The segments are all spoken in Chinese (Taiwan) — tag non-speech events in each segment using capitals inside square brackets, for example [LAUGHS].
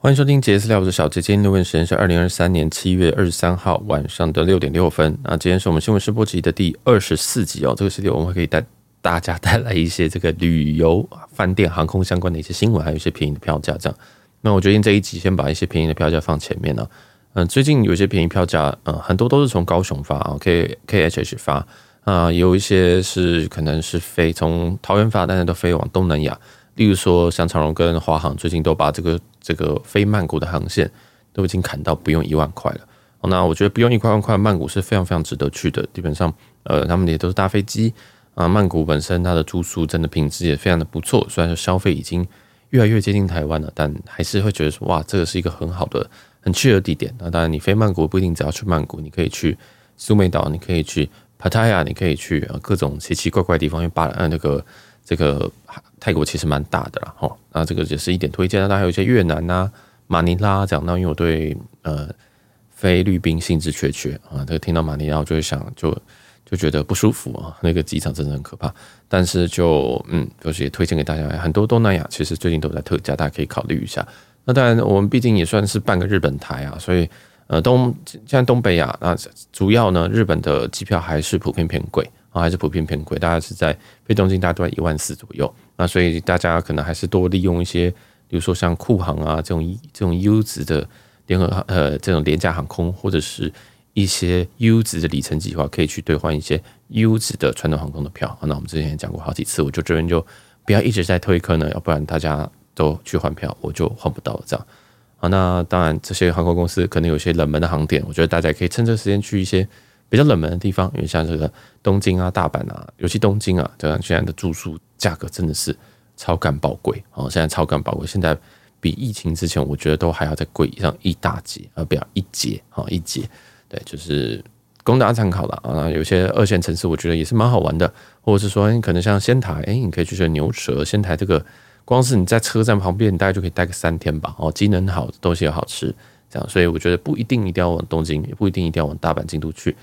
歡迎收聽杰斯聊，我是小杰。今天的新聞時間是二零二三年七月二十三號晚上的六點六分啊。今天是我們新聞試播集的第二十四集哦。這個系列我們會給帶大家帶來一些這個旅遊、飯店、航空相關的一些新聞，還有一些便宜的票價這樣。那我決定這一集先把一些便宜的票價放前面呢、啊。嗯，最近有些便宜票價，嗯，很多都是從高雄發啊，K K H H 發啊，有一些是可能是飛從桃園發，但是都飛往東南亞。例如說，像長榮跟華航最近都把這個這個飛曼谷的航線都已經砍到不用一萬塊了。Oh, 那我覺得不用一塊萬塊，曼谷是非常非常值得去的。基本上，呃，他們也都是大飛機啊。曼谷本身它的住宿真的品質也非常的不錯。雖然說消費已經越來越接近台灣了，但還是會覺得說，哇，這個是一個很好的很便宜的地點。那當然，你飛曼谷不一定只要去曼谷，你可以去蘇梅島，你可以去芭達雅，你可以去各種奇奇怪怪的地方，因為巴那個。這個泰國其實蠻大的啦，吼，那這個也是一點推薦啊。那還有一些越南啊，馬尼拉、啊、講到，因為我對呃菲律賓興致缺缺啊，這個聽到馬尼拉我就會想就就覺得不舒服啊，那個機場真的很可怕。但是就嗯，就是也推薦給大家，很多東南亞其實最近都在特價，大家可以考慮一下。那當然我們畢竟也算是半個日本台啊，所以呃東像東北亞、啊，那主要呢日本的機票還是普遍偏偏貴。啊，還是普遍偏貴，大概是在飛東京，大概都在一萬四左右。那所以大家可能還是多利用一些，比如說像酷航啊這種這種優質的聯合呃這種廉價航空，或者是一些優質的里程計劃，可以去兌換一些優質的傳統航空的票。那我們之前也講過好幾次，我就這邊就不要一直在推坑呢，要不然大家都去換票，我就換不到了。這樣啊，那當然這些航空公司可能有些冷門的航點，我覺得大家也可以趁這時間去一些。比較冷門的地方，因為像這個東京啊、大阪啊，尤其東京啊，這樣現在的住宿價格真的是超幹爆貴哦。現在超幹爆貴，現在比疫情之前，我覺得都還要再貴上一大截，而不要一截哦，一截。對，就是供大家參考了啊。然後有些二線城市，我覺得也是蠻好玩的，或者是說，欸、可能像仙台，哎、欸，你可以去吃牛舌。仙台這個，光是你在車站旁邊，你大概就可以待個三天吧。哦、喔，機能好，東西也好吃，這樣。所以我覺得不一定一定要往東京，也不一定一定要往大阪、京都去。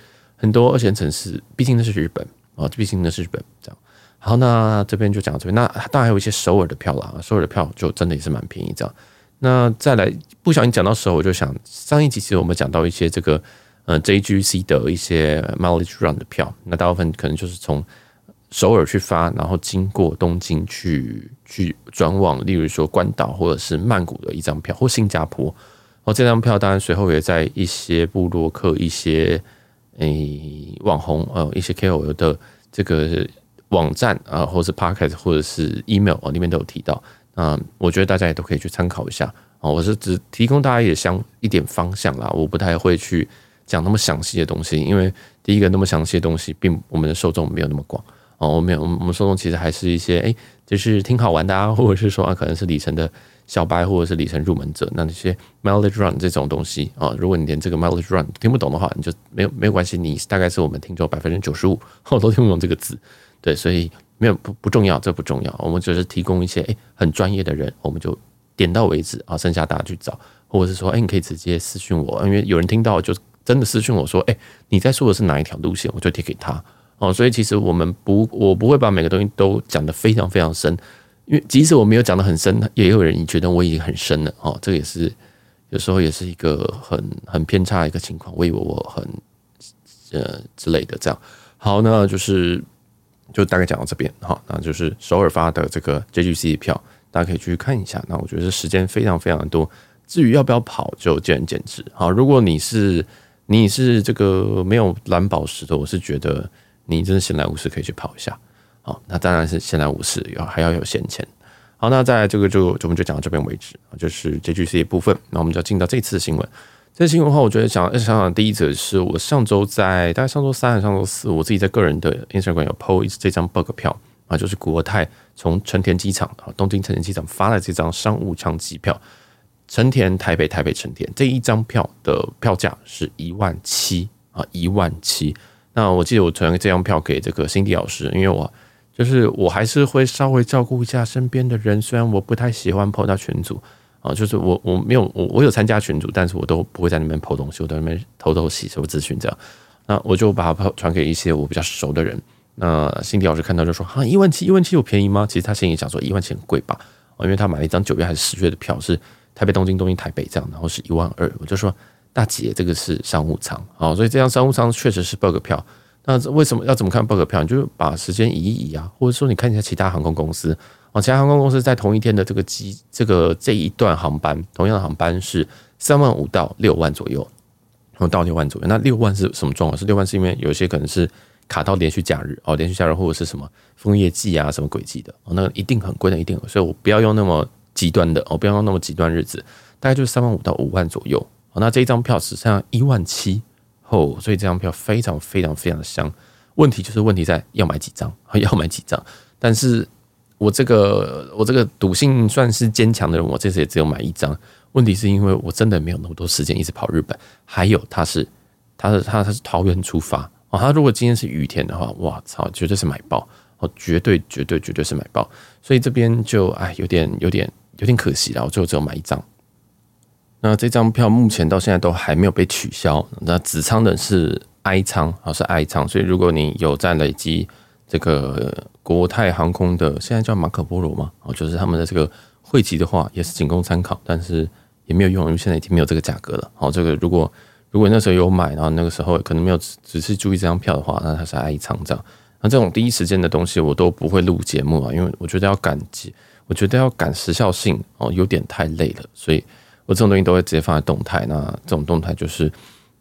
很多二線城市，畢竟那是日本啊，這、哦、畢竟那是日本，這樣。好，那這邊就講到這邊。那當然還有一些首爾的票啦，首爾的票就真的也是蠻便宜這樣。那再來不小心講到時候，我就想上一集其實我們講到一些這個，嗯、呃、，JGC 的一些 mileage run 的票，那大部分可能就是從首爾去發，然後經過東京去去轉往，例如說關島或者是曼谷的一張票，或新加坡。然後這張票當然隨後也在一些部落客一些。誒、欸，網紅呃、哦，一些 KOL 的這個網站啊，或是 Podcast 或者是 Email 啊、哦，裡面都有提到。啊，我覺得大家也都可以去參考一下啊、哦。我是只提供大家也想一點方向啦，我不太會去講那麼詳細的東西，因為第一個，那麼詳細的東西並我們的受眾沒有那麼廣哦。我們有，我們受眾其實還是一些誒、欸，就是挺好玩的啊，或者是說啊，可能是里程的。小白或者是里程入門者，那那些 mileage run 這種東西啊，如果你連這個 mileage run 聽不懂的話，你就沒有沒有關係。你大概是我們聽眾百分之九十五，我都聽不懂這個字，對，所以沒有不不重要，這不重要。我們就是提供一些哎、欸、很專業的人，我們就點到為止啊，剩下大家去找，或者是說哎、欸、你可以直接私訊我，因為有人聽到就真的私訊我說哎、欸、你在說的是哪一條路線，我就貼給他哦、嗯。所以其實我們不我不會把每個東西都講得非常非常深。因為即使我沒有講得很深，也有人覺得我已經很深了哦。這個也是有時候也是一個很很偏差的一個情況。我以為我很呃之類的這樣。好，那就是就大概講到這邊哈、哦。那就是首爾發的這個 JGC 的票，大家可以去看一下。那我覺得時間非常非常的多。至於要不要跑就竟然竟然竟然，就見仁見智啊。如果你是你是這個沒有藍寶石的，我是覺得你真的閒來無事可以去跑一下。好，那當然是閒來無事要還要有閒錢。好，那在這個就，就我們就講到這邊為止啊，就是這句是一部分。那我們就要進到這次的新聞。這新聞的話，我覺得講，想想第一則是我上周在大概上周三還是上周四，我自己在個人的 Instagram 有 PO 這張 bug 票啊，就是國泰從成田機場啊，東京成田機場發了這張商務艙機票，成田台北台北成田這一張票的票價是一萬七啊，一萬七。那我記得我傳這張票給這個辛迪老師，因為我。就是我還是會稍微照顧一下身邊的人，雖然我不太喜歡 po 到群組啊，就是我我沒有，我我有參加群組，但是我都不會在那邊 po 東西，我在那邊偷偷洗，求諮詢這樣。那我就把它傳給一些我比較熟的人。那心迪老師看到就說啊，一萬七，一萬七有便宜嗎？其實他心裡想說一萬七很貴吧，哦，因為他買了一張九月還是十月的票，是台北東京東京台北這樣，然後是一萬二。我就說大姐，這個是商務艙啊，所以這張商務艙確實是 bug 票。那這為什麼要怎麼看 bug 票？你就是把時間移一移啊，或者說你看一下其他航空公司啊，其他航空公司在同一天的這個機這個這一段航班，同樣的航班是三萬五到六萬左右，哦，到六萬左右。那六萬是什麼狀況？是六萬是因為有些可能是卡到連續假日哦，連續假日或者是什麼楓葉季啊，什麼軌跡的哦，那個、一定很貴的，一定。所以我不要用那麼極端的哦，我不要用那麼極端日子，大概就是三萬五到五萬左右。那這一張票只剩下一萬七。後，oh, 所以這張票非常非常非常香。問題就是問題在要買幾張，要買幾張。但是我這個我這個賭性算是堅強的人，我這次也只有買一張。問題是因為我真的沒有那麼多時間一直跑日本。還有他是他是他他是桃園出發哦，他如果今天是雨天的話，哇操，絕對是買爆哦，絕對絕對絕對是買爆。所以這邊就唉，有點有點有點可惜啦，我最後只有買一張。那這張票目前到現在都還沒有被取消。那子倉的是 I 倉啊，是 I 倉。所以如果你有在累積這個國泰航空的，現在叫馬可波羅嘛，哦，就是他們的這個匯集的話，也是僅供參考，但是也沒有用，因為現在已經沒有這個價格了。哦，這個如果如果那時候有買，然後那個時候也可能沒有仔細注意這張票的話，那它是 I 倉這樣。那這種第一時間的東西我都不會錄節目啊，因為我覺得要趕，我覺得要趕時效性哦，有點太累了，所以。我這種東西都會直接放在動態，那這種動態就是，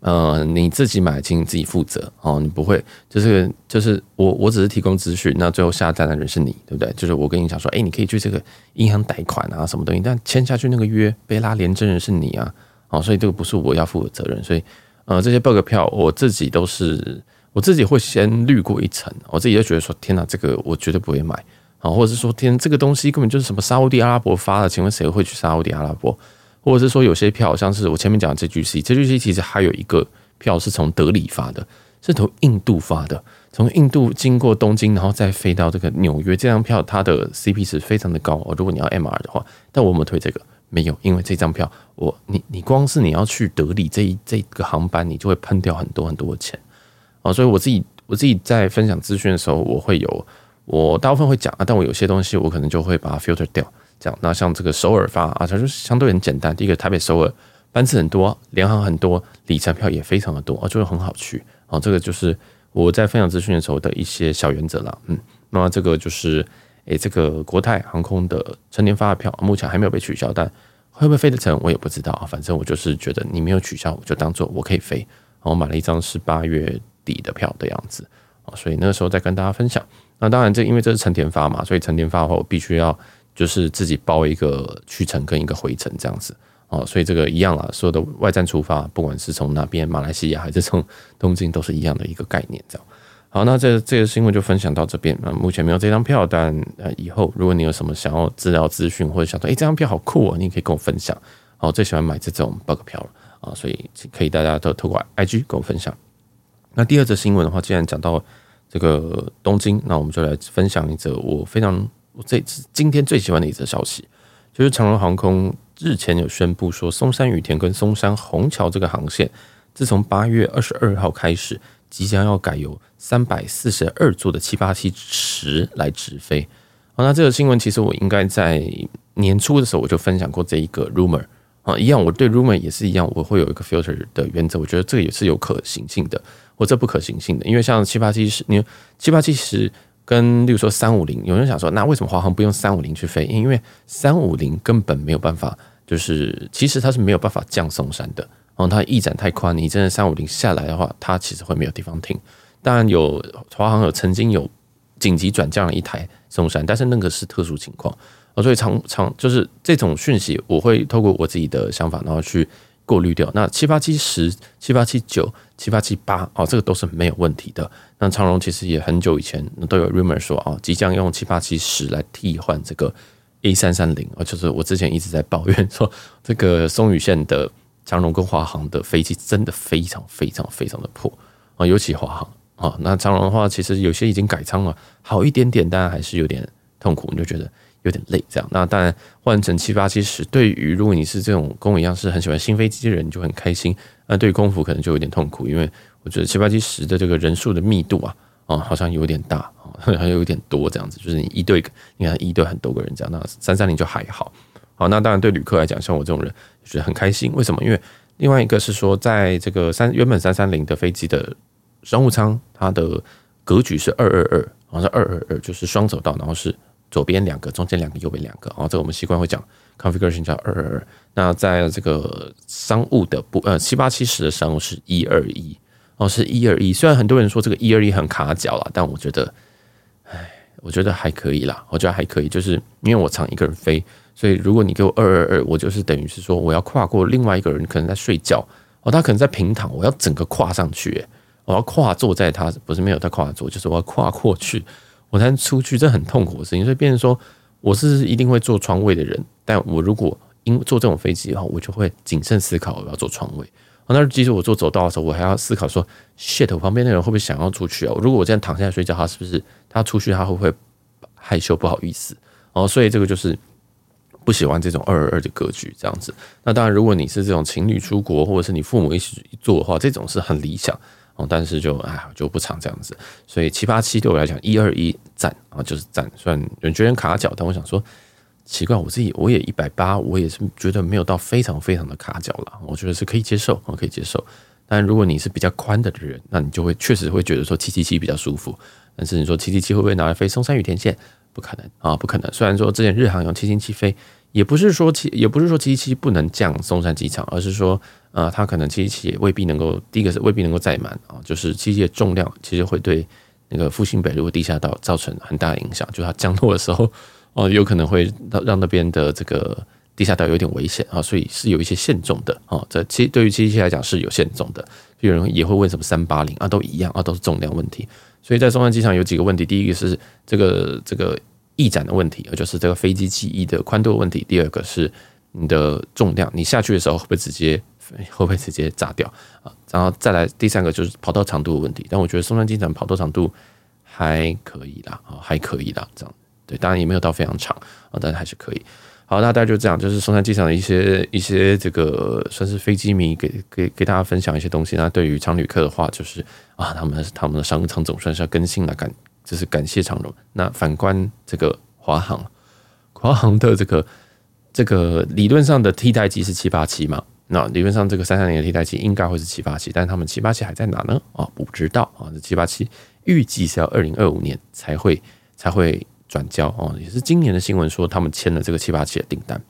呃，你自己買，請自己負責哦。你不會，就是就是我，我只是提供資訊，那最後下單的人是你，對不對？就是我跟你講說，哎、欸，你可以去這個銀行貸款啊，什麼東西，但簽下去那個約被拉連真人是你啊，哦，所以這個不是我要負的責任，所以呃，這些 bug 票，我自己都是我自己會先濾過一層，我自己就覺得說，天哪、啊，這個我絕對不會買啊、哦，或者是說，天，這個東西根本就是什麼沙烏地阿拉伯發的，請問誰會去沙烏地阿拉伯？或者是說有些票像是我前面講的 JGC，JGC 其實還有一個票是從德里發的，是從印度發的，從印度經過東京，然後再飛到這個紐約。這張票它的 CP 值，非常的高，如果你要 MR 的話，但我有沒有推這個？沒有，因為這張票我你你光是你要去德里這一這個航班，你就會噴掉很多很多的錢啊。所以我自己我自己在分享資訊的時候，我會有我大部分會講啊，但我有些東西我可能就會把它 filter 掉。這樣，那像這個首爾發啊，它就相對很簡單。第一個，台北首爾班次很多，聯航很多，里程票也非常的多啊，就是很好去。啊這個就是我在分享資訊的時候的一些小原則啦。嗯，那這個就是，哎、欸，這個國泰航空的成田發票、啊，目前還沒有被取消，但會不會飛得成，我也不知道啊。反正我就是覺得你沒有取消，我就當做我可以飛。我、啊、買了一張是八月底的票的樣子啊，所以那個時候再跟大家分享。那當然，這因為這是成田發嘛，所以成田發的話，我必須要。就是自己包一個去程跟一個回程這樣子哦，所以這個一樣啊，所有的外站出發，不管是從哪邊，馬來西亞還是從東京，都是一樣的一個概念。這樣好，那這這個新聞就分享到這邊那目前沒有這張票，但呃，以後如果你有什麼想要資料資訊，或者想說哎、欸，這張票好酷哦、喔，你可以跟我分享。好，最喜歡買這種 bug 票了啊，所以可以大家都透過 IG 跟我分享。那第二則新聞的話，既然講到這個東京，那我們就來分享一則我非常。我這次今天最喜歡的一則消息，就是長榮航空日前有宣布說，松山羽田跟松山虹橋這個航線，自從八月二十二號開始，即將要改由三百四十二座的七八七十來執飛。好，那這個新聞其實我應該在年初的時候我就分享過這一個 rumor 啊，一樣我對 rumor 也是一樣，我會有一個 filter 的原則，我覺得這個也是有可行性的，或者不可行性的，因為像七八七十，你七八七十。跟，例如說三五零，有人想說，那為什麼華航不用三五零去飛？因為三五零根本沒有辦法，就是其實它是沒有辦法降松山的，然後它翼展太寬，你真的三五零下來的話，它其實會沒有地方停。當然有，華航有曾經有緊急轉降了一台松山，但是那個是特殊情況。所以常常就是這種訊息，我會透過我自己的想法，然後去。過濾掉那七八七十七八七九七八七八哦，這個都是沒有問題的。那長榮其實也很久以前都有 rumor 說啊，即將用七八七十來替換這個 A 三三零啊，就是我之前一直在抱怨說，這個松羽線的長榮跟華航的飛機真的非常非常非常的破啊，尤其華航啊。那長榮的話，其實有些已經改艙了，好一點點，但還是有點痛苦，你就覺得。有點累，這樣那當然換成七八七十，對於如果你是這種跟我一樣是很喜歡新飛機的人，你就很開心。那對於空服可能就有點痛苦，因為我覺得七八七十的這個人數的密度啊，啊好像有點大，好像有點多，這樣子就是你一對，你看一對很多個人這樣。那三三零就還好，好那當然對旅客來講，像我這種人就很開心。為什麼？因為另外一個是說，在這個三原本三三零的飛機的商務艙，它的格局是二二二，好像是二二二，就是雙走道，然後是。左邊兩個，中間兩個，右邊兩個。哦，這個我們習慣會講 configuration 叫二二二。那在這個商務的不呃、七八七十的商務是一二一哦，是一二一。雖然很多人說這個一二一很卡腳了，但我覺得，哎，我覺得還可以啦。我覺得還可以，就是因為我常一個人飛，所以如果你給我二二二，我就是等於是說我要跨過另外一個人，可能在睡覺哦，他可能在平躺，我要整個跨上去，我要跨坐在他，不是沒有他跨坐，就是我要跨過去。我才能出去，這很痛苦的事情，所以變成說我是一定會坐窗位的人，但我如果因坐這種飛機的話，我就會謹慎思考我要坐窗位。哦、那其實我坐走道的時候，我還要思考說 shit，我旁邊的人會不會想要出去啊？如果我這樣躺下來睡覺，他是不是他出去，他會不會害羞不好意思？哦，所以這個就是不喜歡這種二二二的格局這樣子。那當然，如果你是這種情侶出國，或者是你父母一起坐的話，這種是很理想。哦，但是就，啊就不常這樣子，所以七八七對我來講，一二一讚啊，就是讚。雖然有人覺得卡腳，但我想說，奇怪，我自己我也一百八，我也是覺得沒有到非常非常的卡腳了。我覺得是可以接受，可以接受。但如果你是比較寬的的人，那你就會確實會覺得說七七七比較舒服。但是你說七七七會不會拿來飛松山羽田線？不可能啊，不可能。雖然說之前日航用七七七飛。也不是說七也不是說七七不能降松山機場，而是說啊、呃、它，可能七七也未必能夠，第一個是未必能夠載滿啊，就是七七的重量其實會對那個復興北路的地下道造成很大影響，就它降落的時候哦，有可能會讓那邊的這個地下道有點危險啊、哦，所以是有一些限重的啊、哦。這七，對於七七來講是有限重的。所以有人也會問什麼三八零啊，都一樣啊，都是重量問題。所以在松山機場有幾個問題，第一個是這個這個。這個翼展的問題，也就是這個飛機機翼的寬度的問題。第二個是你的重量，你下去的時候會不會直接會不會直接炸掉啊？然後再來第三個就是跑道長度的問題。但我覺得松山機場跑道長度還可以啦，還可以啦，這樣對，當然也沒有到非常長啊，但還是可以。好，那大概就這樣，就是松山機場的一些一些這個算是飛機迷給給給大家分享一些東西。那對於常旅客的話，就是啊，他們他們的商務艙總算是要更新了感。就是感謝長榮。那反觀這個華航，華航的這個這個理論上的替代機是七八七嘛？那理論上這個三三零的替代機應該會是七八七，但是他們七八七還在哪呢？啊、哦，不知道啊。這七八七預計是要二零二五年才會才會轉交哦。也是今年的新聞說他們簽了這個七八七的訂單。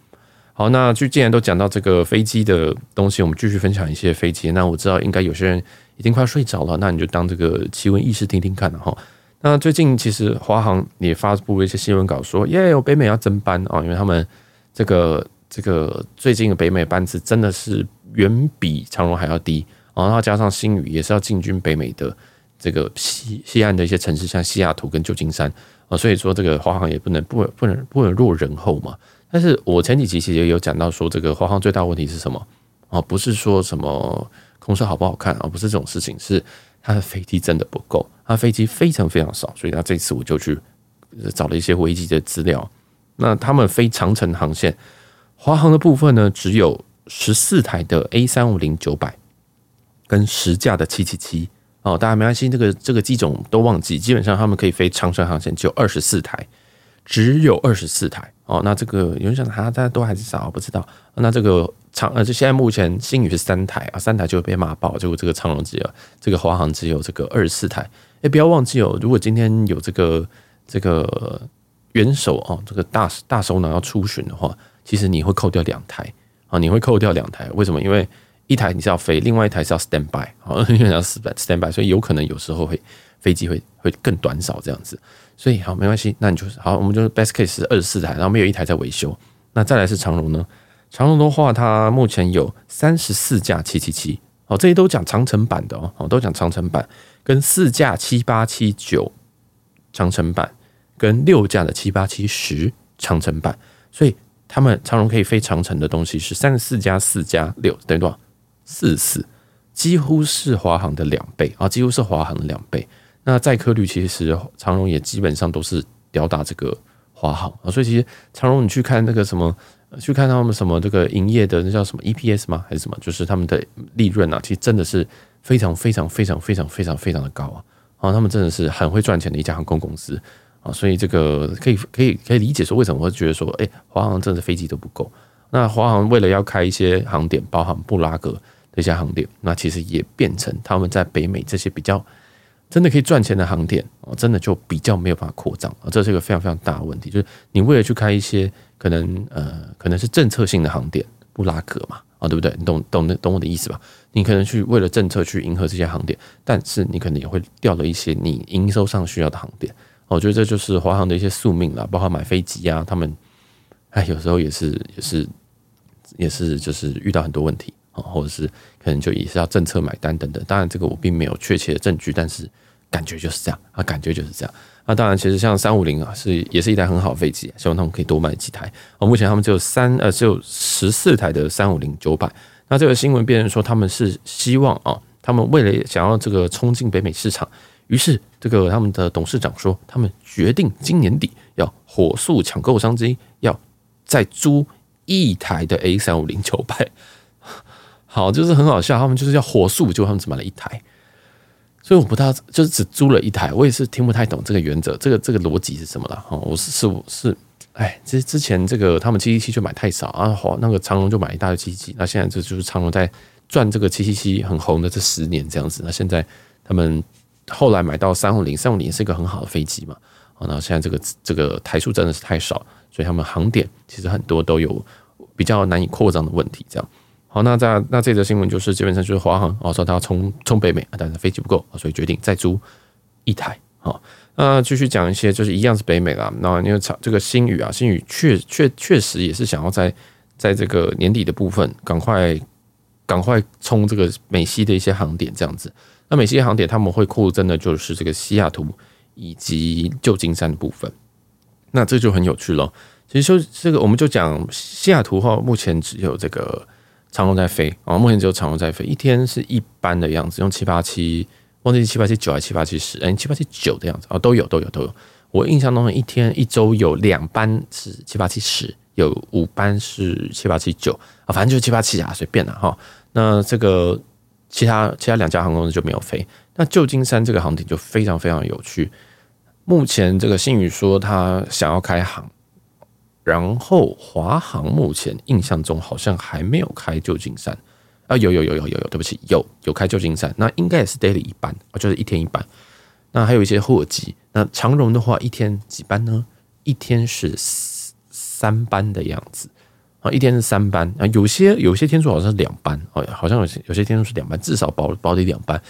好，那就既然都講到這個飛機的東西，我們繼續分享一些飛機。那我知道應該有些人已經快睡着了，那你就當這個奇聞異事聽聽聽看哈。那最近其實華航也發布了一些新聞稿，說耶、yeah，我北美要增班啊，因為他們這個這個最近的北美班次真的是遠比長榮還要低，然後加上星宇也是要進軍北美的這個西西岸的一些城市，像西雅圖跟舊金山啊，所以說這個華航也不能不不能不能落人後嘛。但是我前幾期其實也有講到說，這個華航最大問題是什麼啊？不是說什麼空少好不好看啊，不是這種事情，是。他的飛機真的不夠，他的飛機非常非常少，所以他這次我就去找了一些飛機的資料。那他們飛長程航線，華航的部分呢，只有十四台的 A 三五零九百，900，跟十架的七七七。哦，大家沒關係，這個這個機種都忘記，基本上他們可以飛長程航線，只有二十四台，只有二十四台。哦，那這個有人講他他都還是少，不知道。那這個長呃，就現在目前星宇是三台啊，三台就被罵爆。結果這個長榮只、這個、有這個華航只有這個二十四台。誒、欸，不要忘記哦，如果今天有這個這個元首哦，這個大大首腦要出巡的話，其實你會扣掉兩台啊、哦，你會扣掉兩台。為什麼？因為一台你是要飛，另外一台是要 stand by 啊、哦，因為要 stand by，所以有可能有時候會飛機會會更短少這樣子。所以好，沒關係，那你就是好，我們就是 best case 是二十四台，然後沒有一台在維修。那再來是長榮呢？長榮的話，它目前有三十四架七七七，哦，這些都講長程版的哦，哦，都講長程版，跟四架七八七九長程版，跟六架的七八七十長程版。所以他們長榮可以飛長程的東西是三十四加四加六等於多少？四十四，哦，幾乎是華航的兩倍啊，幾乎是華航的兩倍。那載客率其實長榮也基本上都是吊打這個華航啊，所以其實長榮你去看那個什麼，去看他們什麼這個營業的那叫什麼 E P S 嗎？還是什麼？就是他們的利潤啊，其實真的是非常非常非常非常非常非常的高啊！啊，他們真的是很會賺錢的一家航空公司啊，所以這個可以可以可以理解說為什麼會覺得說，哎，華航真的飛機都不夠。那華航為了要開一些航點，包含布拉格這些航點，那其實也變成他們在北美這些比較。真的可以賺錢的航點真的就比較沒有辦法擴張啊，這是一個非常非常大的問題。就是你為了去開一些可能呃可能是政策性的航點，布拉格嘛啊、哦，對不對？你懂懂懂我的意思吧？你可能去為了政策去迎合這些航點，但是你可能也會掉了一些你營收上需要的航點。我覺得這就是華航的一些宿命了，包括買飛機呀、啊，他們哎有時候也是也是也是就是遇到很多問題。啊，或者是可能就也是要政策買單等等，當然這個我並沒有確切的證據，但是感覺就是這樣。啊，感覺就是這樣。那當然，其實像三五零啊，是也是一台很好的飛機，希望他們可以多買幾台。目前他們只有三呃，只有十四台的三五零九百。那這個新聞別人說他們是希望啊，他們為了想要這個衝進北美市場，於是這個他們的董事長說，他們決定今年底要火速搶購商機，要再租一台的 A 三五零九百。好，就是很好笑，他們就是要火速，就他們只買了一台，所以我不知道就是只租了一台，我也是聽不太懂這個原則，這個這個邏輯是什麼了哈？我是是是，哎，之之前這個他們七七七就買太少啊，好那個長榮就買一大堆七七七，那現在這就是長榮在賺這個七七七很紅的這十年這樣子，那現在他們後來買到三五零，三五零是一個很好的飛機嘛，哦，然後現在這個這個台數真的是太少，所以他們航點其實很多都有比較難以擴張的問題，這樣。好，那這那這則新聞就是基本上就是華航哦說他要衝衝北美，但是飛機不夠，所以決定再租一台。好，那繼續講一些，就是一樣是北美啦。那因為這個星宇啊，星宇確確確實也是想要在在這個年底的部分趕快趕快衝這個美西的一些航點，這樣子。那美西航點他們會擴增的，就是這個西雅圖以及舊金山的部分。那這就很有趣咯。其實說這個，我們就講西雅圖哈，目前只有這個。長榮在飛啊、哦，目前只有長榮在飛，一天是一班的樣子，用七八七，忘記是七八七九還是七八七十，哎、欸，七八七九的樣子啊、哦，都有都有都有。我印象中一天一周有兩班是七八七十，有五班是七八七九啊、哦，反正就是七八七啊，隨便啦、啊，哈。那這個其他其他兩家航空公司就沒有飛。那舊金山這個航點就非常非常有趣。目前這個星宇說他想要開航。然後華航目前印象中好像還沒有開舊金山，啊有有有有有有對不起有有開舊金山，那應該也是 daily 一班，就是一天一班，那還有一些貨機，那長榮的話，一天幾班呢？一天是三班的樣子啊，一天是三班啊。有些有些天數好像是兩班哦，好像有些有些天數是兩班，至少保保底兩班。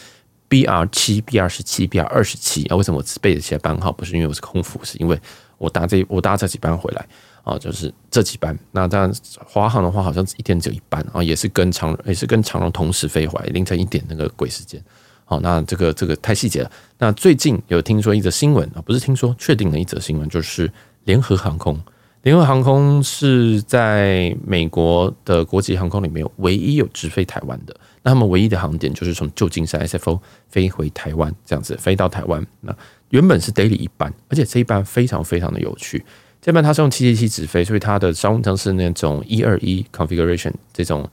BR 七、BR 十七、BR 二十七啊？為什麼我背一些班號？不是因為我是空服，是因為我搭這我搭這幾班回來啊，就是這幾班。那在華航的話，好像一天只有一班啊，也是跟長也是跟長榮同時飛回來，凌晨一點那個鬼時間。好、啊，那這個這個太細節了。那最近有聽說一則新聞啊，不是聽說，確定了一則新聞就是聯合航空。聯合航空是在美國的國際航空裡面唯一有直飛台灣的。那他們唯一的航點就是從舊金山 SFO 飛回台灣，這樣子飛到台灣。那原本是 daily 一班，而且這一班非常非常的有趣。這班它是用七七七執飛，所以它的商務艙是那種一二一 configuration 這種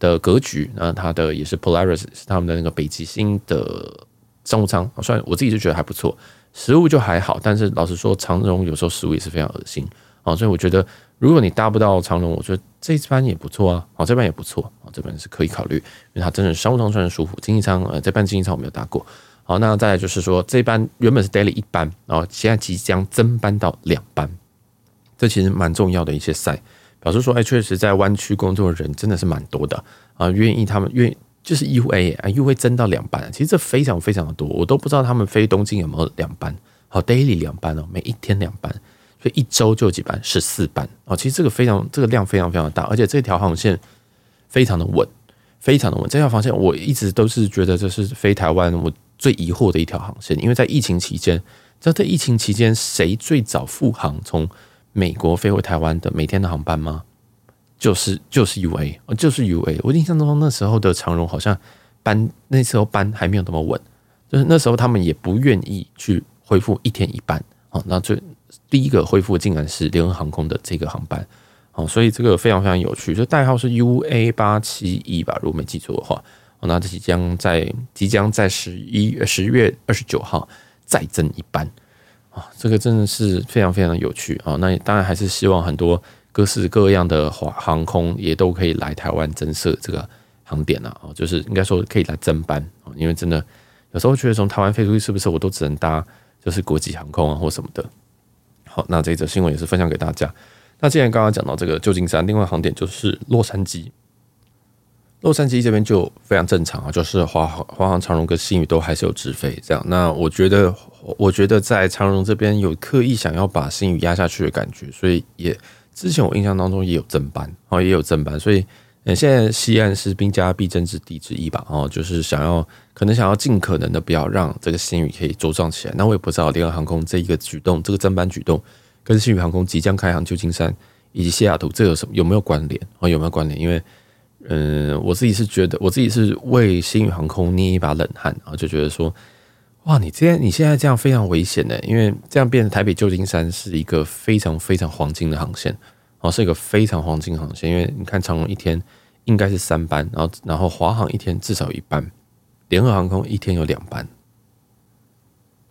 的格局。那它的也是 Polaris 是他們的那個北極星的商務艙，雖然我自己就覺得還不錯，食物就還好，但是老實說，長榮有時候食物也是非常噁心啊，所以我覺得。如果你搭不到長榮，我覺得這一班也不錯啊。好，這一班也不錯啊，這一班是可以考慮，因為它真的商務艙算是舒服，經濟艙呃，這班經濟艙我沒有搭過。好，那再來就是說，這班原本是 daily 一班，然後現在即將增班到兩班，這其實蠻重要的一些賽，表示說，哎，確實在灣區工作的人真的是蠻多的啊，願意他們願就是 UA 啊，又會增到兩班，其實這非常非常的多，我都不知道他們飛東京有沒有兩班，好 daily 兩班哦，每一天兩班。所以一周就幾班，十四班啊！其實這個非常，這個量非常非常大，而且這條航線非常的穩，非常的穩。這條航線我一直都是覺得這是飛台灣我最疑惑的一條航線，因為在疫情期間，在在疫情期間誰最早復航從美國飛回台灣的每天的航班嗎？就是就是 UA，就是 UA。我印象中那時候的長榮好像班那時候班還沒有那麼穩，就是那時候他們也不願意去恢復一天一班啊，那最。第一個恢復竟然是聯合航空的這個航班，哦，所以這個非常非常有趣，就代號是 UA871 吧，如果沒記錯的話，哦，那即將在即將在十一十月二十九號再增一班，啊，這個真的是非常非常有趣啊，那當然還是希望很多各式各樣的航航空也都可以來台灣增設這個航點啊，就是應該說可以來增班，因為真的有時候覺得從台灣飛出去是不是我都只能搭就是國籍航空啊或什麼的？好，那這一則新聞也是分享給大家。那既然剛剛講到這個舊金山，另外航點就是洛杉磯。洛杉磯這邊就非常正常啊，就是華航、華航、長榮跟星宇都還是有直飛這樣。那我覺得，我覺得在長榮這邊有刻意想要把星宇壓下去的感覺，所以也之前我印象當中也有正班哦，也有正班，所以。嗯，現在西岸是兵家必爭之地之一吧？哦，就是想要，可能想要盡可能的不要讓這個星宇可以茁壯起來。那我也不知道聯合航空這一個舉動，這個增班舉動跟星宇航空即將開航舊金山以及西雅圖這個、有什麼有沒有關聯？哦，有沒有關聯？因為，嗯、呃，我自己是覺得，我自己是為星宇航空捏一把冷汗，然後就覺得說，哇，你這樣，你現在這樣非常危險的、欸，因為這樣變成台北舊金山是一個非常非常黃金的航線。哦，是一個非常黃金航線，因為你看，長榮一天應該是三班，然後然後華航一天至少一班，聯合航空一天有兩班。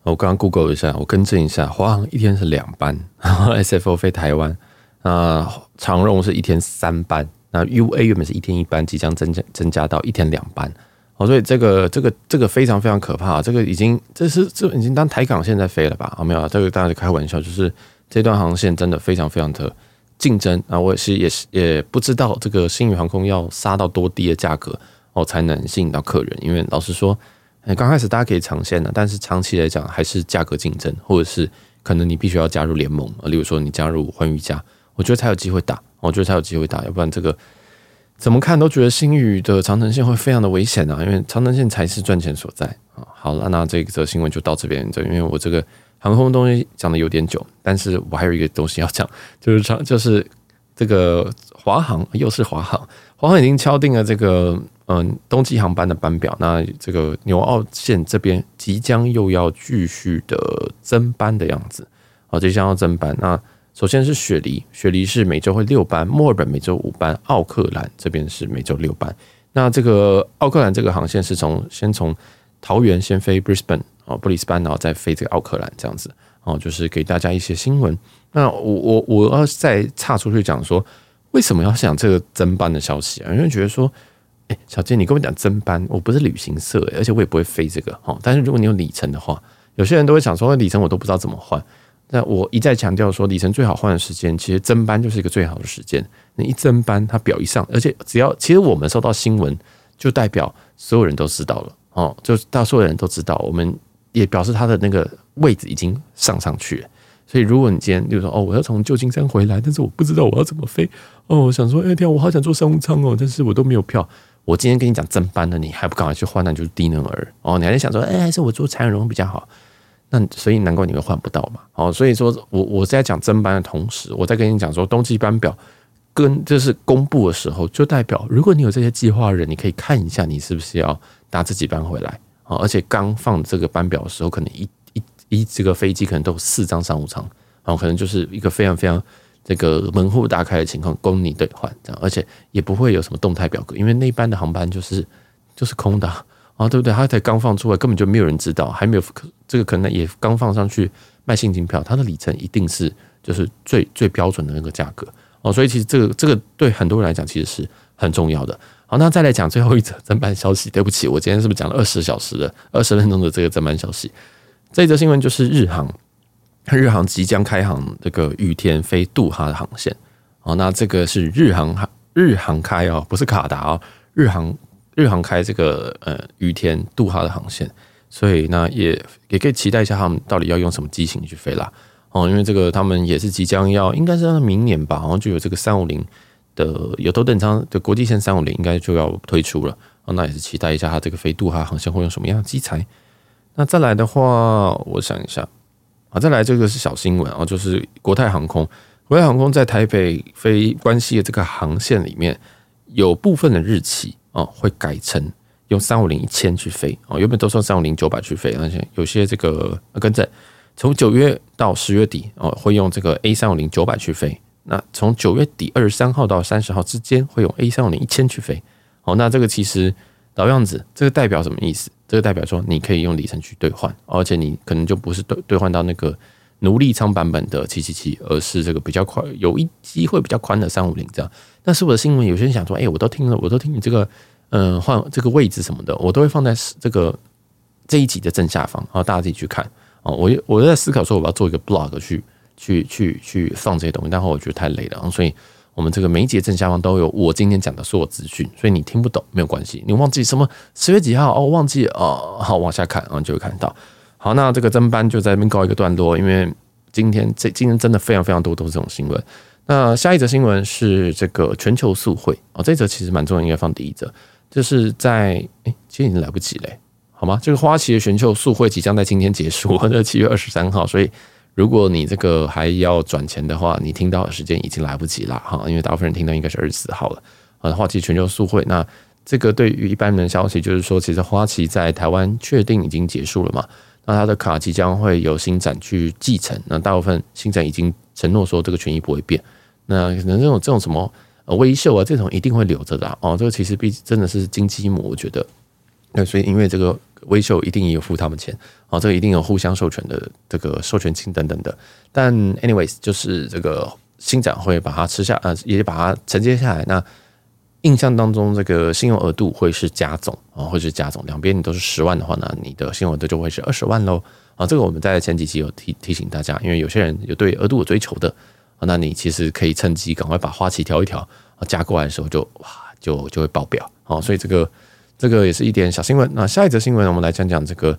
我剛剛 Google 一下，我更正一下，華航一天是兩班，然後 SFO 飛台灣，啊，長榮是一天三班，那 UA 原本是一天一班，即將增加增加到一天兩班。哦，所以這個這個這個非常非常可怕，啊，這個已經這是這是已經當台港現在飛了吧？好沒有，啊，這個大家開玩笑，就是這段航線真的非常非常特。競爭啊，我也是，也是，也不知道這個星宇航空要殺到多低的價格哦，才能吸引到客人。因為老實說，剛、欸、開始大家可以嘗鮮的，但是長期來講，還是價格競爭，或者是可能你必須要加入聯盟啊。例如說，你加入寰宇一家，我覺得才有機會打。我覺得才有機會打，要不然這個怎麼看都覺得星宇的長程線會非常的危險啊。因為長程線才是賺錢所在啊。好了，那這個新聞就到這邊這，因為我這個。航空東西講的有點久，但是我還有一個東西要講，就是長就是這個華航，又是華航。華航已經敲定了這個嗯冬季航班的班表。那這個紐澳線這邊即將又要繼續的增班的樣子，啊，即將要增班。那首先是雪梨，雪梨是每周會六班，墨爾本每周五班，奧克蘭這邊是每周六班。那這個奧克蘭這個航線是從先從桃園先飛 Brisbane 布里斯班，然後再飛這個奧克蘭，這樣子哦，就是給大家一些新聞。那我我我要再岔出去講說，為什麼要講這個增班的消息啊？因為覺得說，誒、欸，小杰，你跟我講增班，我不是旅行社、欸，而且我也不會飛這個哦。但是如果你有里程的話，有些人都會想說，哎、里程我都不知道怎麼換。那我一再強調說，里程最好換的時間，其實增班就是一個最好的時間。你一增班，他表一上，而且只要其實我們收到新聞，就代表所有人都知道了哦，就大所有人都知道我們。也表示他的那個位置，已經上上去了，所以如果你今天，例如說哦，我要從舊金山回來，但是我不知道我要怎麼飛，哦，我想說，哎、欸、天，我好想坐商務艙哦，但是我都沒有票。我今天跟你講增班的，你還不趕快去換，那就是低能兒哦。你還在想說，哎、欸，還是我坐長榮比較好，那所以難怪你會換不到嘛。哦，所以說我，我我在講增班的同時，我在跟你講說，冬季班表跟就是公布的時候，就代表如果你有這些計劃的人，你可以看一下，你是不是要搭這幾班回來。啊！而且剛放這個班表的時候，可能一一一，一這個飛機可能都有四張商務艙，然後可能就是一個非常非常這個門戶大開的情況，供你兌換這樣。而且也不會有什麼動態表格，因為那班的航班就是就是空的啊，啊對不對？它才剛放出來，根本就沒有人知道，還沒有這個可能也剛放上去賣現金票，它的里程一定是就是最最標準的那個價格哦、啊。所以其實這個這個對很多人來講，其實是很重要的。好，那再來講最後一則增班消息。對不起，我今天是不是講了二十小時的、二十分鐘的這個增班消息？這一則新聞就是日航，日航即將開航這個羽田飛杜哈的航線。哦，那這個是日航日航開哦，不是卡達哦，日航日航開這個呃羽田杜哈的航線。所以呢，也也可以期待一下他們到底要用什麼機型去飛啦。哦，因為這個他們也是即將要，應該是明年吧，然後就有這個三五零。的有頭等艙的國際線三五零應該就要推出了啊，那也是期待一下它這個飛杜哈航線會用什麼樣的機材。那再來的話，我想一下啊，再來這個是小新聞啊，就是國泰航空，國泰航空在台北飛關西的這個航線裡面，有部分的日期啊會改成用三五零一千去飛啊，原本都說三五零九百去飛，而且有些這個跟着從九月到十月底啊，會用這個 A 三五零九百去飛。那從九月底二十三號到三十號之間，會用 A 三五零一千去飛。好，那這個其實老樣子，這個代表什麼意思？這個代表說你可以用里程去兌換，而且你可能就不是兌兌換到那個奴隸艙版本的七七七，而是這個比較快，有一機會比較寬的三五零這樣。但是我的新聞，有些人想說，哎、欸，我都聽了，我都聽你這個，嗯、呃，換這個位置什麼的，我都會放在這個這一集的正下方，然後大家自己去看。哦，我我就在思考說，我要做一個 blog 去。去去去放這些東西，但後我覺得太累了，然後所以我們這個每一節正下方都有我今天講的所有資訊，所以你聽不懂沒有關係，你忘記什麼十月幾號哦，忘記哦，好往下看，啊、哦，就會看到。好，那這個增班就在這邊告一個段落，因為今天這今天真的非常非常多都是這種新聞。那下一則新聞是這個全球速匯，哦，這則其實蠻重要，應該放第一則，就是在哎、欸，其實已經來不及嘞、欸，好嗎？這、就、個、是、花旗的全球速匯即將在今天結束，那、就、七、是、月二十三號，所以。如果你這個還要轉錢的話，你聽到的時間已經來不及啦，哈！因為大部分人聽到應該是二十四號了。啊、嗯，花旗全球速匯，那這個對於一般人的消息就是說，其實花旗在台灣確定已經結束了嘛。那他的卡即將會有星展去繼承。那大部分星展已經承諾說這個權益不會變。那可能這種這種什麼威秀啊這種一定會留着的、啊、哦。這個其實畢竟真的是金雞母，我覺得。那所以，因為這個威秀一定也有付他們錢啊，這個一定有互相授權的這個授權金等等的。但 anyways，就是這個星展會把它吃下，啊、呃，也把它承接下來。那印象當中，這個信用額度會是加總啊、哦，會是加總，兩邊你都是十萬的話，那你的信用額度就會是二十萬嘍啊、哦。這個我們在前幾期有提提醒大家，因為有些人有對額度有追求的啊、哦，那你其實可以趁機趕快把花旗調一調，加過來的時候就哇就就會爆表啊、哦。所以這個。這個也是一點小新聞。那下一則新聞，我們來講講這個，誒、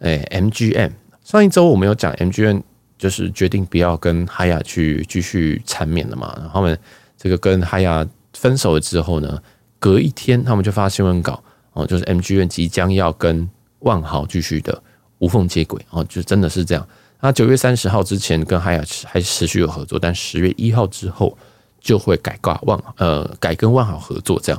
欸、MGM 上一周我們有講 MGM 就是決定不要跟 Hyatt 去繼續纏綿了嘛。然後他們這個跟 Hyatt 分手了之後呢，隔一天他們就發新聞稿哦，就是 MGM 即將要跟萬豪繼續的無縫接軌哦，就真的是這樣。那九月三十號之前跟 Hyatt 還持續有合作，但十月一號之後就會改掛萬呃，改跟萬豪合作這樣。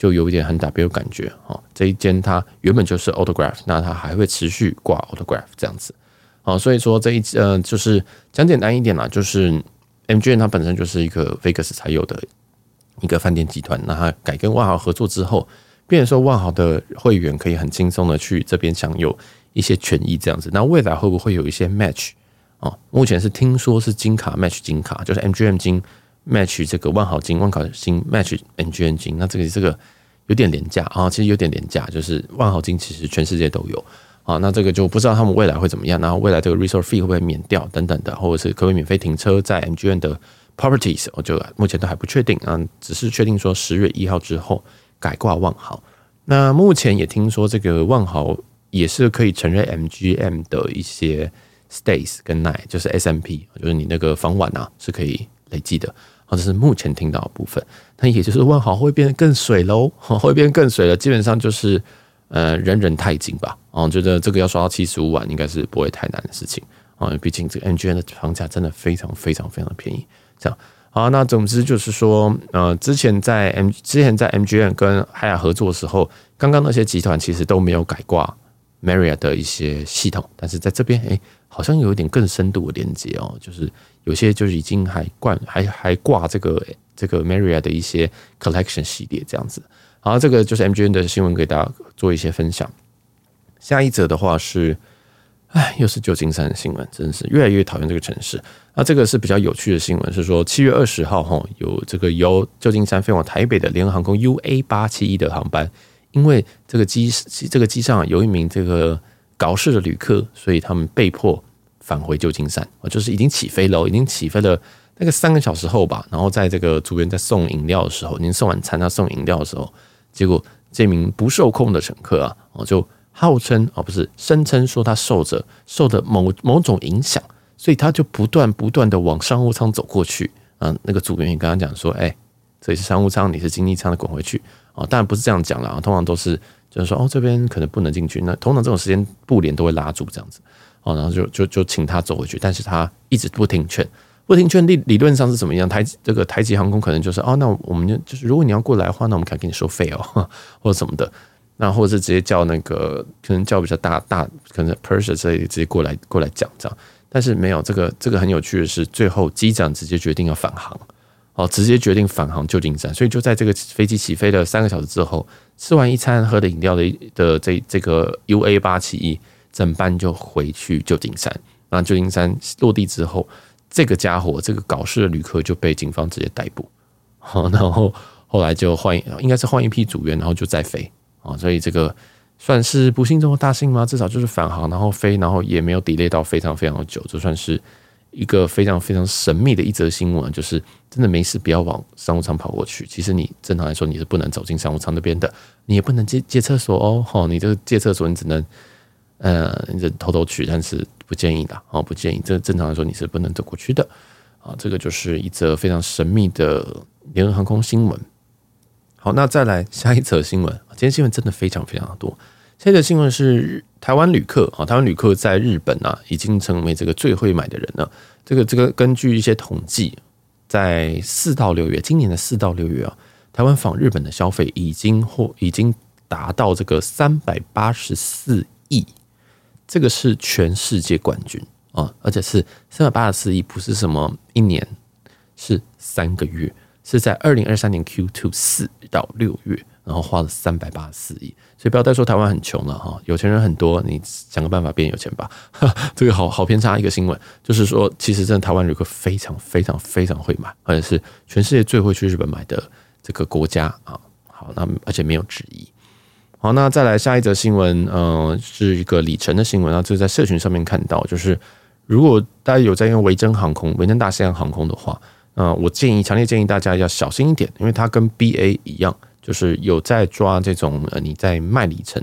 就有一點很 w 感覺啊，這一間它原本就是 autograph，那它還會持續掛 autograph 這樣子，啊、哦，所以說這一呃，就是講簡單一點啦，就是 MGM 它本身就是一個 Vegas 才有的一個飯店集團，那它改跟萬豪合作之後，變成說萬豪的會員可以很輕鬆的去這邊享有一些權益這樣子，那未來會不會有一些 match 啊、哦？目前是聽說是金卡 match 金卡，就是 MGM 金。match 這個萬豪金萬豪金 match MGM 金，那這個這個有點廉價啊，其實有點廉價，就是萬豪金其實全世界都有啊，那這個就不知道他們未來會怎麼樣，然後未來這個 resort fee 會不會免掉等等的，或者是可不可以免費停車在 MGM 的 properties，我就目前都還不確定啊，只是確定說十月一號之後改掛萬豪。那目前也聽說這個萬豪也是可以承認 MGM 的一些 stays 跟 night，就是 SMP，就是你那個房晚啊是可以。累積的，或者是目前聽到的部分，那也就是問好會變得更水了會變更水了，基本上就是呃人人太緊吧，啊、嗯，覺得這個要刷到七十五萬應該是不會太難的事情啊，畢、嗯、竟這個 MGM 的房價真的非常非常非常的便宜，這樣好、啊，那總之就是說，呃，之前在 M GM, 之前在 MGM 跟海雅合作的時候，剛剛那些集團其實都沒有改掛。Marriott 的一些系統，但是在這邊哎、欸，好像有一點更深度的連接哦、喔，就是有些就是已經還掛還還掛這個這個 Marriott 的一些 Collection 系列這樣子。好，這個就是 MGM 的新聞給大家做一些分享。下一則的話是，哎，又是舊金山的新聞，真的是越來越討厭這個城市。那這個是比較有趣的新聞，是說七月二十號哈，有這個由舊金山飛往台北的聯合航空 UA 八七一的航班。因為這個機這個機上有一名這個搞事的旅客，所以他們被迫返回舊金山。我就是已經起飛了，已經起飛了大概三個小時後吧。然後在這個組員在送飲料的時候，您送晚餐他送飲料的時候，結果這名不受控的乘客啊，我就號稱啊，哦、不是聲稱說他受着受的某某種影響，所以他就不斷不斷的往商務艙走過去。啊，那個組員也跟他講說，哎、欸，這裡是商務艙，你是經濟艙的，滾回去。哦、當然不是這樣講了啊，通常都是就是說哦，這邊可能不能進去。那通常這種時間布簾都會拉住這樣子哦，然後就就就請他走回去，但是他一直不聽勸，不聽勸理理論上是怎麼樣？台這個台籍航空可能就是哦，那我們就就是如果你要過來的話，那我們可以給你收費哦，或者什麼的，那或者是直接叫那個可能叫比較大大可能 person 這些直接過來過來講這樣，但是沒有這個這個很有趣的是，最後機長直接決定要返航。哦，直接決定返航舊金山，所以就在這個飛機起飛了三個小時之後，吃完一餐、喝的飲料的的這這個 U A 八七一整班就回去舊金山。那舊金山落地之後，這個家伙這個搞事的旅客就被警方直接逮捕。然後後來就換，應該是換一批組員，然後就再飛。啊，所以這個算是不幸中的大幸嗎？至少就是返航，然後飛，然後也沒有 delay 到非常非常久，就算是。一個非常非常神秘的一則新聞，就是真的沒事不要往商務艙跑過去。其實你正常來說你是不能走進商務艙那邊的，你也不能借借廁所哦。齁，你這個借廁所你只能，呃，你這偷偷去，但是不建議的哦，不建議。這正常來說你是不能走過去的啊。這個就是一則非常神秘的聯合航空新聞。好，那再來下一則新聞。今天新聞真的非常非常多。這個新聞是日台灣旅客啊，台灣旅客在日本啊，已經成為這個最會買的人了。這個這個根據一些統計，在四到六月，今年的四到六月啊，台灣訪日本的消費已經或已經達到這個三百八十四億，這個是全世界冠軍啊，而且是三百八十四億，不是什麼一年，是三個月，是在二零二三年 Q two 四到六月。然後花了三百八十四億，所以不要再說台灣很窮了哈，有錢人很多，你想個辦法變有錢吧。這個好好偏差一個新聞，就是說其實真的台灣旅客非常非常非常會買，而且是全世界最會去日本買的這個國家啊。好，那而且沒有質疑。好，那再來下一則新聞。呃，是一個里程的新聞啊，就是在社群上面看到，就是如果大家有在用維珍航空、維珍大西洋航空的話，呃，我建議強烈建議大家要小心一點，因為它跟 BA 一樣。就是有在抓這種呃，你在賣里程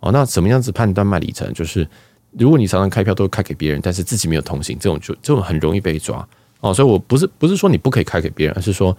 哦。那怎麼樣子判斷賣里程？就是如果你常常開票都開給別人，但是自己沒有同行，這種就這種很容易被抓哦。所以我不是不是說你不可以開給別人，而是說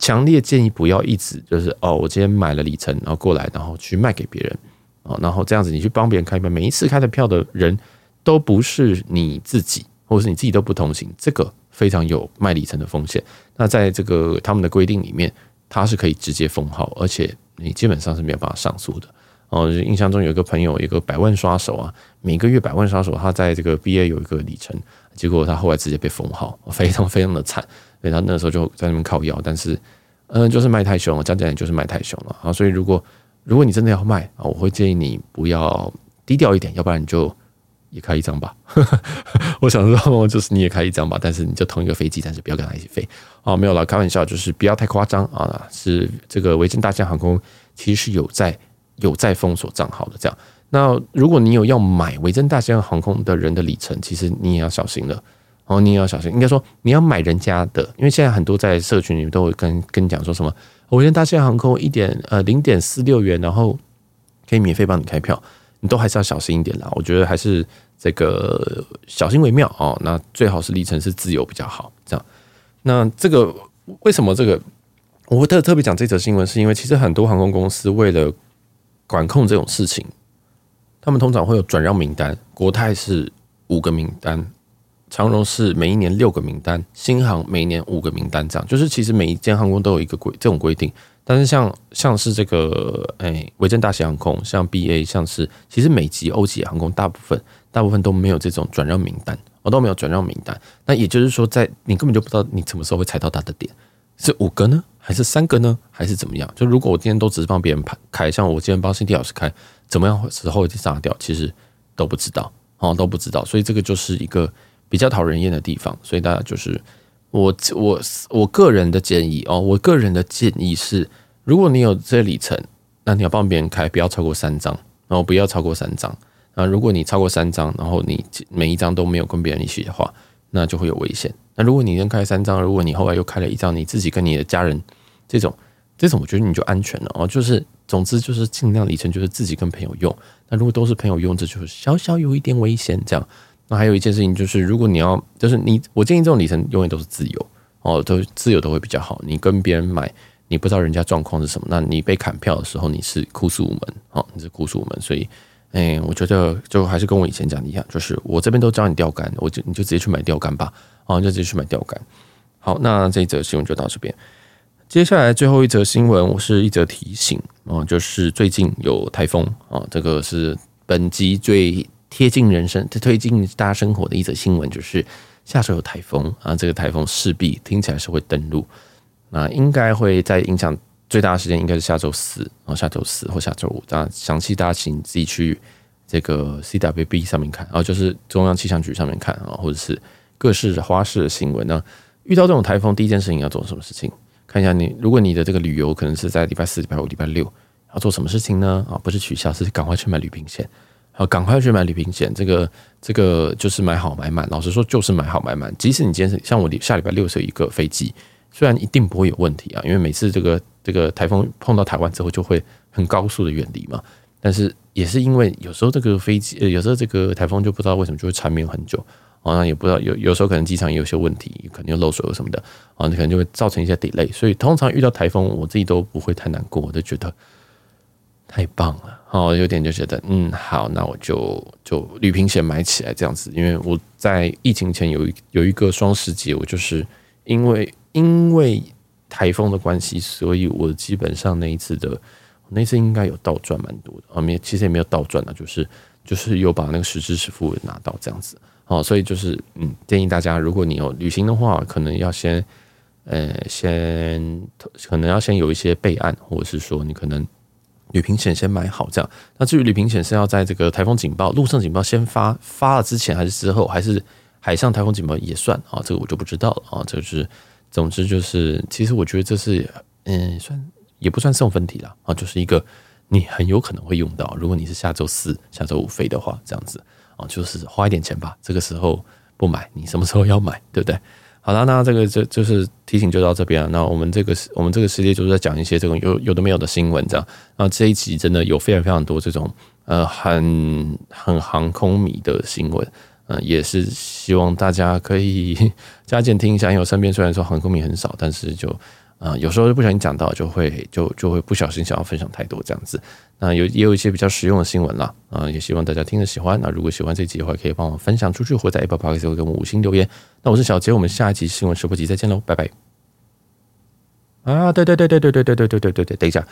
強烈建議不要一直就是哦，我今天買了里程，然後過來，然後去賣給別人哦。然後這樣子你去幫別人開票，每一次開的票的人都不是你自己，或者是你自己都不同行，這個非常有賣里程的風險。那在這個他們的規定裡面。他是可以直接封號，而且你基本上是沒有辦法上訴的。哦，就印象中有一個朋友，一個百萬刷手啊，每個月百萬刷手，他在這個 BA 有一個里程，結果他後來直接被封號，非常非常的慘。所以他那時候就在那邊靠腰，但是嗯、呃，就是賣太兇了，講講就是賣太兇了啊。所以如果如果你真的要賣啊，我會建議你不要低調一點，要不然你就。也開一張吧， [LAUGHS] 我想說就是你也開一張吧，但是你就同一個飛機，但是不要跟他一起飛哦，沒有了，開玩笑，就是不要太誇張啊。是這個維珍大西洋航空其實是有在有在封鎖賬號的這樣。那如果你有要買維珍大西洋航空的人的里程，其實你也要小心了哦，你也要小心。應該說你要買人家的，因為現在很多在社群裡面都會跟跟你講說什麼維珍大西洋航空一點呃，零點四六元，然後可以免費幫你開票。你都還是要小心一點啦，我覺得還是這個小心為妙哦。那最好是里程是自由比較好，這樣。那這個為什麼這個我會特特別講這則新聞？是因為其實很多航空公司為了管控這種事情，他們通常會有轉讓名單。國泰是五個名單，長榮是每一年六個名單，新航每一年五個名單這樣。就是其實每一間航空都有一個規這種規定。但是像像是這個，哎、欸，維珍大西洋航空，像 B A，像是其實美籍、歐籍航空，大部分大部分都沒有這種轉讓名單，我、哦、都沒有轉讓名單。那也就是說在，在你根本就不知道你什麼時候會踩到它的點，是五個呢，還是三個呢，還是怎麼樣？就如果我今天都只是幫別人開，像我今天幫新 T 老師開，怎麼樣時候已經殺掉，其實都不知道，哦，都不知道。所以這個就是一個比較討人厭的地方，所以大家就是。我我我個人的建議哦，我個人的建議是，如果你有這里程，那你要幫別人開，不要超過三張，然後不要超過三張。那如果你超過三張，然後你每一張都沒有跟別人一起的話，那就會有危險。那如果你先開三張，如果你後來又開了一張，你自己跟你的家人這種這種，我覺得你就安全了哦。就是總之就是盡量里程就是自己跟朋友用。那如果都是朋友用，這就，就是小小有一點危險這樣。那還有一件事情就是，如果你要，就是你，我建議這種里程永遠都是自由，哦，都自由都會比較好。你跟別人買，你不知道人家狀況是什麼，那你被砍票的時候，你是哭訴無門，哦，你是哭訴無門。所以，誒、欸，我覺得就還是跟我以前講的一樣，就是我這邊都教你釣竿，我就你就直接去買釣竿吧，啊、哦，就直接去買釣竿。好，那這一則新聞就到這邊。接下來最後一則新聞，我是一則提醒，哦，就是最近有台風，啊、哦，這個是本集最。貼近人生，這貼近大家生活的一則新聞就是下周有台風啊，這個台風勢必聽起來是會登陸，啊，應該會在影響最大的時間應該是下周四，然、啊、後下周四或下周五。那詳細大家請自己去這個 CWB 上面看，然、啊、後就是中央氣象局上面看啊，或者是各式花式的新聞。呢、啊。遇到這種台風，第一件事情要做什麼事情？看一下你，如果你的這個旅遊可能是在禮拜四、禮拜五、禮拜六，要做什麼事情呢？啊，不是取消，是趕快去買旅行險。啊，趕快去買旅行險。這個，這個就是買好買滿。老實說，就是買好買滿。即使你今天像我下禮拜六是一個飛機，雖然一定不會有問題啊，因為每次這個這個颱風碰到台灣之後就會很高速的遠離嘛。但是也是因為有時候這個飛機、呃，有時候這個颱風就不知道為什麼就會纏綿很久啊，也不知道有有時候可能機場也有些問題，可能又漏水或什麼的啊，你可能就會造成一些 delay。所以通常遇到颱風，我自己都不會太難過，我都覺得。太棒了！哦，有點就覺得，嗯，好，那我就就旅平險買起來這樣子。因為我在疫情前有一有一個雙十節，我就是因為因為台風的關係，所以我基本上那一次的，那次應該有倒賺蠻多的。後面其實也沒有倒賺了，就是就是有把那個實支實付拿到這樣子。哦，所以就是嗯，建議大家，如果你有旅行的話，可能要先呃先可能要先有一些備案，或者是說你可能。旅平險先買好，這樣。那至於旅平險是要在這個台風警報、陸上警報先發發了之前，還是之後，還是海上台風警報也算啊？這個我就不知道了啊。這是，總之就是，其實我覺得這是，嗯，算也不算送分題了啊，就是一個你很有可能會用到。如果你是下周四、下周五飛的話，這樣子啊，就是花一點錢吧。這個時候不買，你什麼時候要買，對不對？好啦，那這個就就是提醒就到這邊了，啊。那我們這個我們這個系列就是在講一些這種有有的沒有的新聞這樣。那這一集真的有非常非常多這種呃很很航空迷的新聞，嗯、呃，也是希望大家可以加減聽一下。因為我身邊雖然說航空迷很少，但是就。啊、嗯，有時候就不小心講到，就會就就會不小心想要分享太多這樣子。那有也有一些比較實用的新聞啦，啊、嗯，也希望大家聽著喜歡。那如果喜歡這集的話，可以幫我分享出去，或者 Apple Podcast 會給我們五星留言。那我是小杰，我們下一集新聞試播集再見嘍，拜拜。啊，對對對對對對對對對對對，等一下，啊、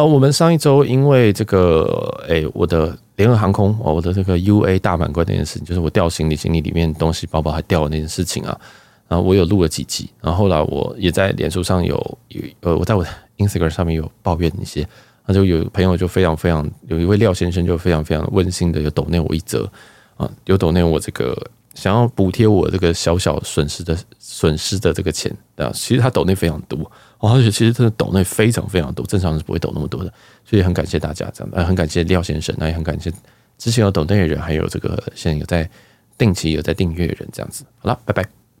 呃，我們上一周因為這個，哎、欸，我的聯合航空，我的這個 UA 大滿貫那件事情，就是我掉行李，行李裡面東西包包還掉的那件事情啊。然後我有錄了幾集，然後後來我也在臉書上有有呃，我在我的 Instagram 上面有抱怨一些，那就有朋友就非常非常，有一位廖先生就非常非常溫馨的有抖內我一折啊，有抖內我這個想要補貼我這個小小損失的損失的這個錢啊，其實他抖內非常多，而且，啊，其實他的抖內非常非常多，正常人是不會抖那麼多的，所以很感謝大家這樣，啊，很感謝廖先生，那，啊，也很感謝之前有抖內的人，還有這個現在有在定期有在訂閱的人，這樣子好了，拜拜。